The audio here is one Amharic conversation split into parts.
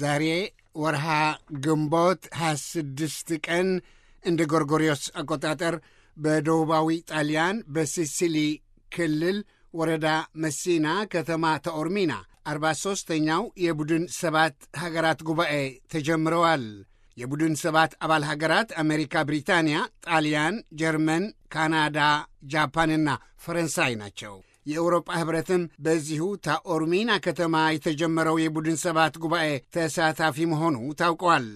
ዛሬ ወርሃ ግንቦት 26 ቀን እንደ ጎርጎሪዮስ አቆጣጠር በደቡባዊ ጣሊያን በሲሲሊ ክልል ወረዳ መሲና ከተማ ተኦርሚና 43ተኛው የቡድን ሰባት ሀገራት ጉባኤ ተጀምረዋል። የቡድን ሰባት አባል ሀገራት አሜሪካ፣ ብሪታንያ፣ ጣሊያን፣ ጀርመን፣ ካናዳ፣ ጃፓንና ፈረንሳይ ናቸው። የአውሮጳ ህብረትም በዚሁ ታኦርሚና ከተማ የተጀመረው የቡድን ሰባት ጉባኤ ተሳታፊ መሆኑ ታውቀዋል።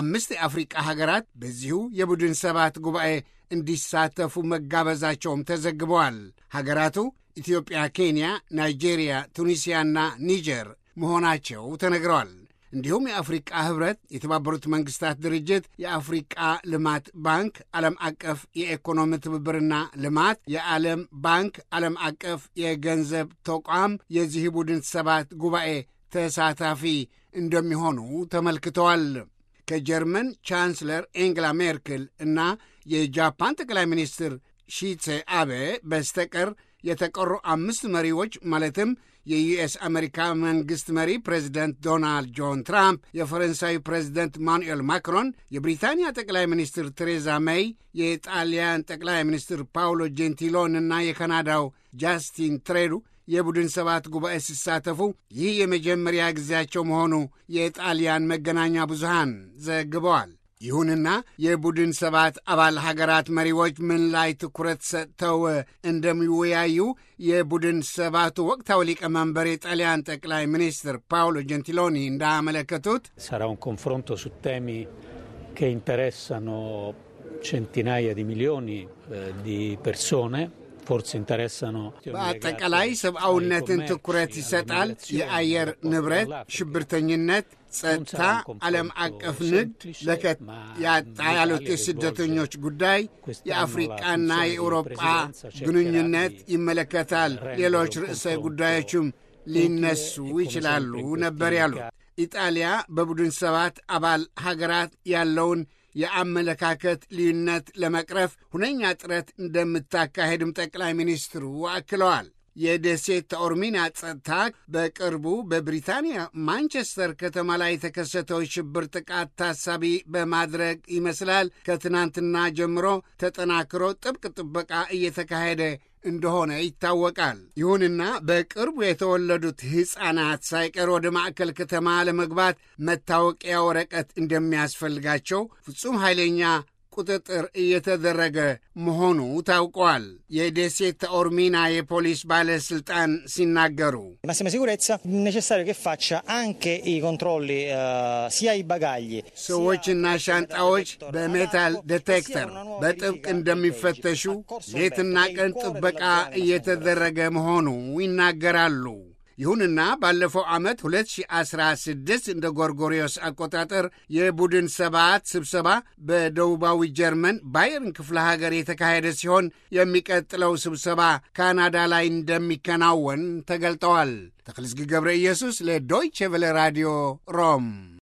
አምስት የአፍሪቃ ሀገራት በዚሁ የቡድን ሰባት ጉባኤ እንዲሳተፉ መጋበዛቸውም ተዘግበዋል። ሀገራቱ ኢትዮጵያ፣ ኬንያ፣ ናይጄሪያ፣ ቱኒሲያና ኒጀር መሆናቸው ተነግረዋል። እንዲሁም የአፍሪቃ ህብረት፣ የተባበሩት መንግስታት ድርጅት፣ የአፍሪቃ ልማት ባንክ፣ ዓለም አቀፍ የኢኮኖሚ ትብብርና ልማት፣ የዓለም ባንክ፣ ዓለም አቀፍ የገንዘብ ተቋም የዚህ ቡድን ሰባት ጉባኤ ተሳታፊ እንደሚሆኑ ተመልክተዋል። ከጀርመን ቻንስለር ኤንግላ ሜርክል እና የጃፓን ጠቅላይ ሚኒስትር ሺሴ አቤ በስተቀር የተቀሩ አምስት መሪዎች ማለትም የዩኤስ አሜሪካ መንግስት መሪ ፕሬዚደንት ዶናልድ ጆን ትራምፕ፣ የፈረንሳዩ ፕሬዚደንት ማኑኤል ማክሮን፣ የብሪታንያ ጠቅላይ ሚኒስትር ቴሬዛ ሜይ፣ የጣሊያን ጠቅላይ ሚኒስትር ፓውሎ ጄንቲሎን እና የካናዳው ጃስቲን ትሬዱ የቡድን ሰባት ጉባኤ ሲሳተፉ ይህ የመጀመሪያ ጊዜያቸው መሆኑ የጣሊያን መገናኛ ብዙሃን ዘግበዋል። ይሁንና የቡድን ሰባት አባል ሀገራት መሪዎች ምን ላይ ትኩረት ሰጥተው እንደሚወያዩ የቡድን ሰባቱ ወቅታዊ ሊቀመንበር የጣሊያን ጠቅላይ ሚኒስትር ፓውሎ ጀንቲሎኒ እንዳመለከቱት ሳራ ን ኮንፍሮንቶ ሱ ቴሚ ኢንተረሳኖ ሴንቲናያ ዲ ሚሊዮኒ ዲ ፐርሶነ በአጠቃላይ ሰብአውነትን ትኩረት ይሰጣል። የአየር ንብረት፣ ሽብርተኝነት፣ ጸጥታ፣ ዓለም አቀፍ ንግድ፣ ለከት ያጣ ያሉት የስደተኞች ጉዳይ፣ የአፍሪቃና የአውሮጳ ግንኙነት ይመለከታል። ሌሎች ርዕሰ ጉዳዮችም ሊነሱ ይችላሉ ነበር ያሉት። ኢጣሊያ በቡድን ሰባት አባል ሀገራት ያለውን የአመለካከት ልዩነት ለመቅረፍ ሁነኛ ጥረት እንደምታካሄድም ጠቅላይ ሚኒስትሩ አክለዋል። የደሴት ታኦርሚና ጸጥታ በቅርቡ በብሪታንያ ማንቸስተር ከተማ ላይ የተከሰተው ሽብር ጥቃት ታሳቢ በማድረግ ይመስላል ከትናንትና ጀምሮ ተጠናክሮ ጥብቅ ጥበቃ እየተካሄደ እንደሆነ ይታወቃል። ይሁንና በቅርቡ የተወለዱት ሕፃናት ሳይቀር ወደ ማዕከል ከተማ ለመግባት መታወቂያ ወረቀት እንደሚያስፈልጋቸው ፍጹም ኃይለኛ ቁጥጥር እየተደረገ መሆኑ ታውቋል። የደሴት ኦርሚና የፖሊስ ባለስልጣን ሲናገሩ eh, ሰዎችና ሻንጣዎች በሜታል ዴቴክተር በጥብቅ እንደሚፈተሹ ሌትና ቀን ጥበቃ እየተደረገ መሆኑ ይናገራሉ። ይሁንና ባለፈው ዓመት 2016 እንደ ጎርጎሪዮስ አቆጣጠር የቡድን ሰባት ስብሰባ በደቡባዊ ጀርመን ባየርን ክፍለ ሀገር የተካሄደ ሲሆን የሚቀጥለው ስብሰባ ካናዳ ላይ እንደሚከናወን ተገልጠዋል። ተክልስጊ ገብረ ኢየሱስ ለዶይቼ ቬለ ራዲዮ ሮም